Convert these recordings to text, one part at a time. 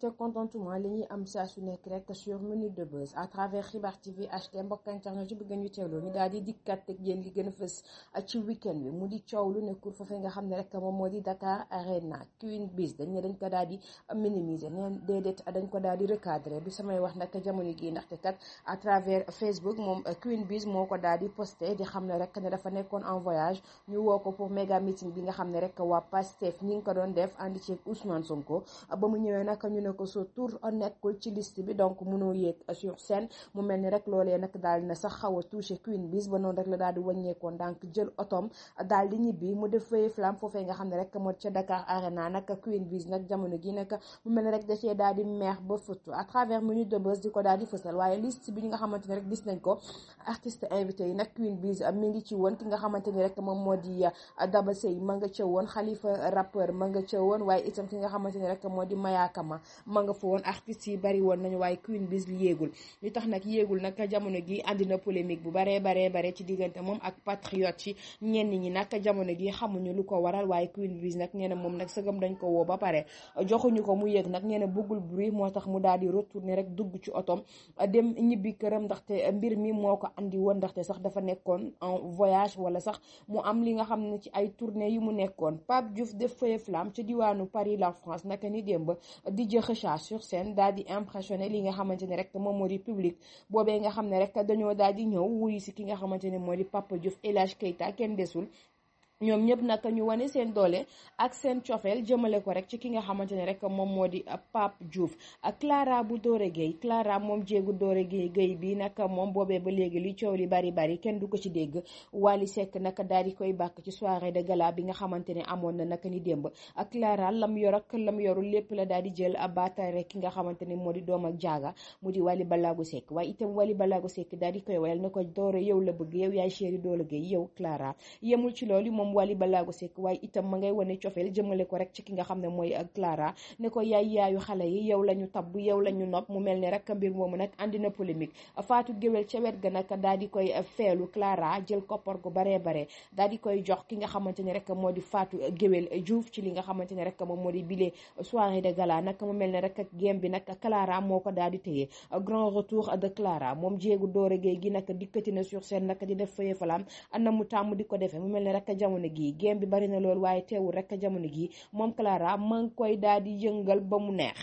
mbégte contentement li ñi am saa su nekk rek sur Minute de Buzz à travers Xibaar TV HT mbokk internet ci bëgg ñu teewloo ñu daal di dikkaat ak yéen li gën a ci weekend bi mu di coow lu nekkul foofu nga xam rek mom modi Dakar Arena Queen Biz dañ ne dañ ko daal di minimiser né déedéet dañ ko daal di recadrer du samay wax nak jamono gii ndaxte kat à travers Facebook mom Queen Biz moko ko daal di posté di xam rek ne dafa nekkoon en voyage ñu woo ko pour méga meeting bi nga xam rek wa Pastef ñi ko doon def andi ci Ousmane Sonko ba mu ñëwé nak ñu ne ko sa tur nekkul ci liste bi donc mënoo yéeg sur scène mu mel ni rek loolee nag daal na sax xaw a Queen Biz ba noonu rek la daal di wàññeekoon donc jël otoom daal di ñibbi mu def feuille flamme foofee nga xam ne rek moo moom moo di uh, Daba Sey ma nga ca woon Khalifa rappeur ma nga ca woon waaye itam ki nga xamante ni rek moo di Mayakama ma nga fa woon artistes yi bari woon nañu waaye Queen Biz yéegul li tax nag yéegul nag jamono gi andi na polémique bu baree baree bare ci diggante moom ak patriote yi ñenn ñi nag jamono gi xamuñu lu ko waral waaye Queen Biz nag nee na moom nag sëgam dañ ko woo ba pare joxuñu ko mu yéeg nag nee na bëggul bruit moo tax mu daal di retourner rek dugg ci otom dem ñibbi këram ndaxte mbir mi moo ko indi woon ndaxte sax dafa nekkoon en voyage wala sax mu am li nga xam ne ci ay tournée yu mu nekkoon Pape Diouf def feuille ci diwaanu Paris la France naka ni démb crachat sur scène daal di impressionné li nga xamante ne rek moom moo di public boobee nga xam ne rek dañoo daal di ñëw wuyu si ki nga xamante ne moo di Papa Diouf El Hadj Keita kenn desul ñoom ñëpp nag ñu wane seen doole ak seen cofeel jëmale ko rek ci ki nga xamante ne rek moom moo di Pape Diouf ak Clara bu Dóore Gueye Clara moom jéegu Dóore Gueye Gueye bi nag moom boobee ba léegi li coow li bari bari kenn du ko ci dégg Wally Seck nag daal di koy bàkk ci soirée de gala bi nga xamante ne amoon na naka ni démb ak Clara lam yor ak lam yorul lépp la daal di jël abaataay rek ki nga xamante ne moo di doom ak jaaga mu di Wally Ballago Seck waaye itam Wally Ballago Seck daal di koy wayal na ko Dóore yow la bëgg yow yaay chéri Dóore Gueye yow Clara yemul ci loolu moom moom Wally Ballago Seck waaye itam ma ngay ki nga xam ne mooy euh, la ñu la ñu mu mel ne rek na polémique Fatou Guewel ca wet ga nag daal di koy euh, feelu Clara jël koppar gu baree bare daal di koy jox ki nga xamante ne rek moo di faatu Guewel Diouf ci li nga xamante ne rek moom moo di bile soirée de gala nag mu mel ne rek gem bi nag Clara moo ko daal di téye grand retour de Clara moom jéegu dooragéey gi nag dikkati na sur scène nag di def fëye falam ana mu tàmm di ko defee mu mel ne rek jamono jamono gi gém bi bari na lool waaye teewul rek jamono gi moom Clara maa koy daal di yëngal ba mu neex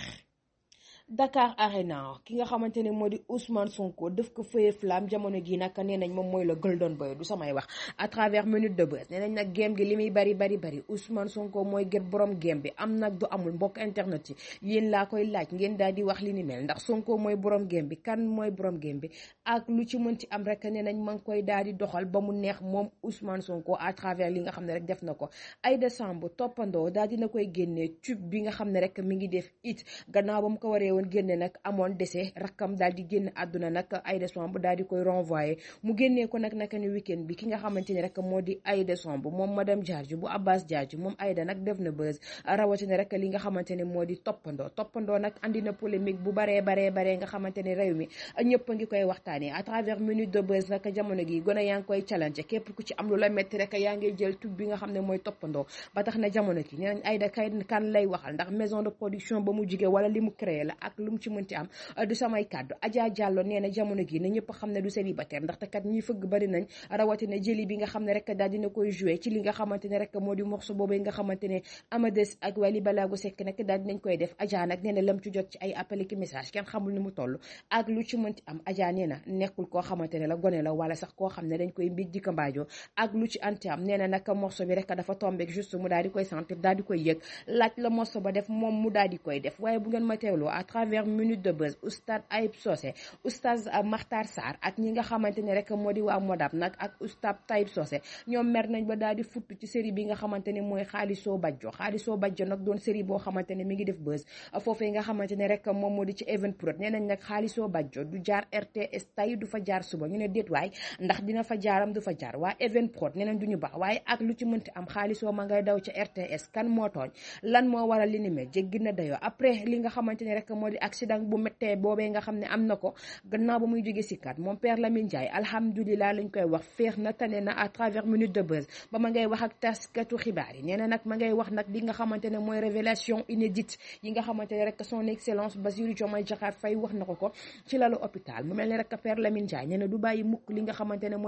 Dakar Arena ki nga xamante ne moo di usman Sonko def ko fëye flamme jamono gi nag nee nañ moom mooy la golden boy du samay wax à travers minute de buzz nee nañ nag game gi li muy bari bari bari Ousmane Sonko mooy gët borom game bi am nag du amul mbokk internet yi yéen laa koy laaj ngeen daal di wax li ni mel ndax Sonko mooy borom game bi kan mooy borom game bi ak lu ci mën ci am rek nee nañ ma ngi koy daal di doxal ba mu neex moom Ousmane Sonko à travers li nga xam ne rek def na ko ay décembre toppandoo daal dina koy génnee tube bi nga xam ne rek mi ngi def it gannaaw ko waree woon génne nag amoon dese rakam daal di génn àdduna nag Aïda Samb daal di koy renvoyé mu génnee ko nag naka ni week-end bi ki nga xamante ni rek moo di Aïda Samb moom madame Diadji bu Abbas Diadji moom Aïda nag def na buzz rawatina rek li nga xamante ne moo di toppandoo toppandoo nag andi na polémique bu baree baree bare nga xamante ne réew mi ñëpp a ngi koy waxtaanee à travers minute de buzz nag jamono gi gone yaa ngi koy challenge képp ku ci am lu la metti rek yaa ngi jël tub bi nga xam ne mooy toppandoo ba tax na jamono ki nee nañ Aïda kay kan lay waxal ndax maison de production ba mu jige wala li mu créé la ak lu mu ci mënti am euh, du samay kàddu Adja Diallo nee na jamono ne du célibataire ndaxte kat ñi fëgg bari nañ bi xam ne rek daal dina koy joué ci li nga xamante ne rek moo di morceau koy def Adja nag nee na lam ci jot mu toll ak lu ci mënti am Adja nee na nekkul ne la gone la wala sax koo xam ne dañ koy mbij di ko mbaajoo ak lu ci anti am nee na nag morceau bi rek dafa tombeek juste mu daal di koy sentir daal di koy yëg laaj la morceau ba def moom mu daal di koy def waaye bu ngeen ma teewloo travers minute de buzz oustaz Ayib Socé oustaz euh, Makhtar Sarr ak ñi nga xamante ne rek moo di waa Modab nag ak oustaz Tayib Socé ñoom mer nañ ba daal di futt ci série bi nga xamante ne mooy xaalisoo bajjo xaalisoo bajjo nag doon série boo xamante ne mi ngi def buzz foofee nga xamante ne rek moom moo di ci Evenprod nee nañ nag xaalisoo bajjo du jaar RTS tay du fa jaar suba ñu ne déet waay ndax dina fa jaaram du fa jaar waa Evenprod nee nañ du ñu baax waaye ak ma ngay daw ca RTS kan moo tooñ lan moo waral li moo di accident bu méttee boobee nga xam ne am na ko gannaaw ba muy jóge si kat moom Père Lamine Ndiaye alhamdulilah lañ koy wax féex na tane na à travers minute de buzz ba ma ngay wax ak taskatu xibaar yi nee nag ma ngay wax nag li nga xamante ne mooy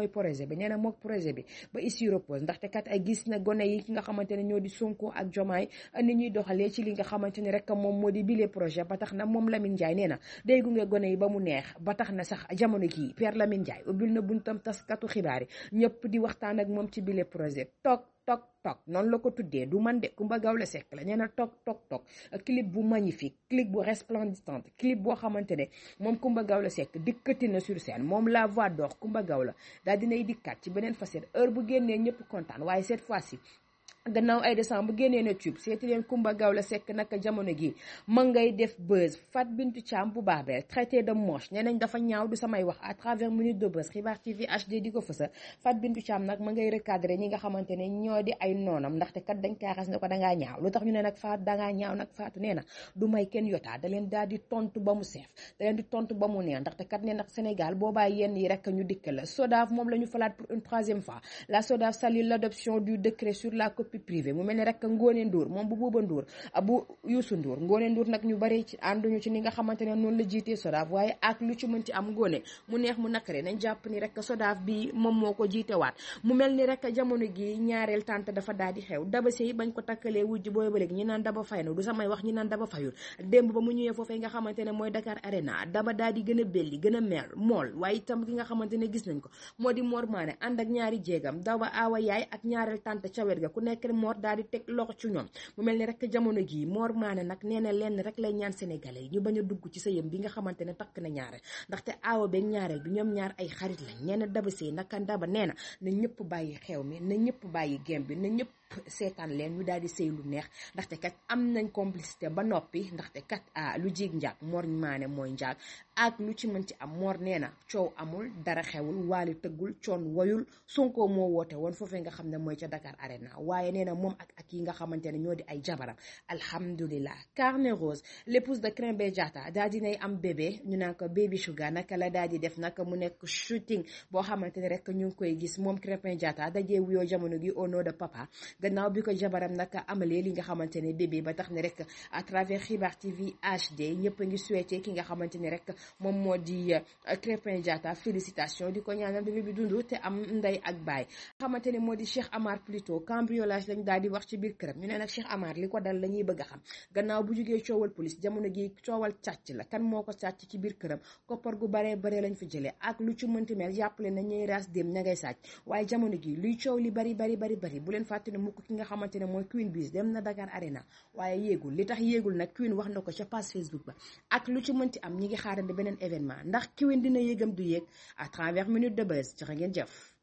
projet bi nee mook projet bi ba ici repose ndaxte kat ay gis na gone yi nga xamante ñoo di Sonko ak Diomaye ni ñuy doxalee ci li nga xamante ne rek moom moo di bile projet ba tax na moom Lamine Ndiaye nee na day gunge gone yi ba mu neex ba tax na sax jamono jii Pierre Lamine Ndiaye ubbil na buntam taskatu xibaar yi ñëpp di waxtaan ak moom ci bile projet toog toog toog noonu la ko tuddee du man de Kumba Gawlo Seck la ñu ne toog toog toog clip bu magnifique clip bu resplendissante clip boo xamante ne moom Kumba la Seck dikkati na sur seen moom la voix d'or Kumba la daal dinay dikkaat ci beneen facette heure bu génnee ñëpp kontaan waaye cette gannaaw ay décembre bu génnee na tube seeti leen Kumba Gawla sek naka jamono gi ma def buzz Fat Bintou Thiam bu Baabel traité de moche nee dafa ñaaw du samay wax à travers minute de buzz xibaar TV HD di ko fësa Fat Bintou Thiam nag ma ngay recadré ñi nga xamante ne ñoo di ay noonam ndaxte kat dañ kaa xas ne ko dangaa ñaaw lu tax ñu ne nag faatu dangaa ñaaw nag faatu nee na du may kenn yotaa da leen daal di tontu ba mu seef da leen di tontu ba mu neex ndaxte kat ne nag Sénégal boobaa yenn yi rek ñu dikk la SODAV moom la ñu pour une troisième fois la SODAV salue l'adoption du décret sur la copie copie privée mu mel ni rek Ngone Ndour moom bu Bouba Ndour ah, bu Youssou Ndour nag ñu bari ci ni nga xamante ne noonu la jiitee SODAV waaye moom moo ko jiitewaat mu mel ni rek jamono gi ñaareel tante dafa daal di xew daba sey bañ ko takkalee wujj booy ba léegi ñi naan daba fay na du samay wax ñi naan daba fayul démb ba mu ñëwee foofee nga xamante ne mooy Dakar Arena daba daal di gën a belli gën a meel mool waaye itam ki nga xamante gis nañ ko moo di Mor Mané ànd ak ñaari jéegam daba aawa yaay ak nekk Mor daal di teg loxo ci ñoom mu mel ni rek jamono jii moor maane nag nee na lenn rek lay ñaan sénégalais ñu bañ a dugg ci sa sëyam bi nga xamante ne takk na ñaareel ndaxte aawa beeg ñaareel bi ñoom ñaar ay xarit lañ nee na Daba Seye naka Daba nee na na ñëpp bàyyi xew mi ne ñëpp bàyyi gem bi ne ñëpp seetaan leen ñu daal di sëy lu neex ndaxte kat am nañ complicité ba noppi ndaxte kat ah, lu jig njaag Mor Maane mooy njaag ak lu ci mën ci am moor nee na coow amul dara xewul waali tëggul coon woyul Sonko moo woote woon foofee nga xam ne mooy ca Dakar Arena waaye nee na moom ak ak yi nga xamante ne ñoo di ay jabaram alhamdulilah carnet rose l'épouse de Krembe Diatta daal dinay am bébé ñu naan ko baby sugar naka la daal di def naka mu nekk shooting boo xamante ne rek ñu ngi koy gis moom Krembe Diatta dajee wuyoo jamono gi au nom de papa gannaaw bi ko jabaram nag amalee li nga xamante ne bébé ba tax ne rek à travers xibaar TV HD ñëpp a ngi souhaité ki nga xamante rek moom moo di Krépin euh, Diatta félicitation di ko ñaanal bébé bi dund te am ndey ak baay xamante ne moo di Cheikh Amar plutôt cambriolage lañ daal di wax ci biir këram ñu ne nag Cheikh Amar li ko dal la ñuy bëgg a xam gannaaw bu jugee coowal police jamono gi coowal càcc la kan moo ko sàcc ci biir këram koppar gu baree bare lañ fi jëlee ak lu ci mënti mel yàppale na ñuy na ngay sàcc waaye jamono gi luy yóbbu ko ki nga xamante ne mooy Queen Biz dem na Dakar Arena waaye yéegul li tax yéegul nag Queen wax na ko ca page Facebook ba ak lu ci mën mënti am ñi ngi xaarandi beneen événement ndax Queen dina yéegam du yéeg à travers minute de buzz joxe ngeen jëf.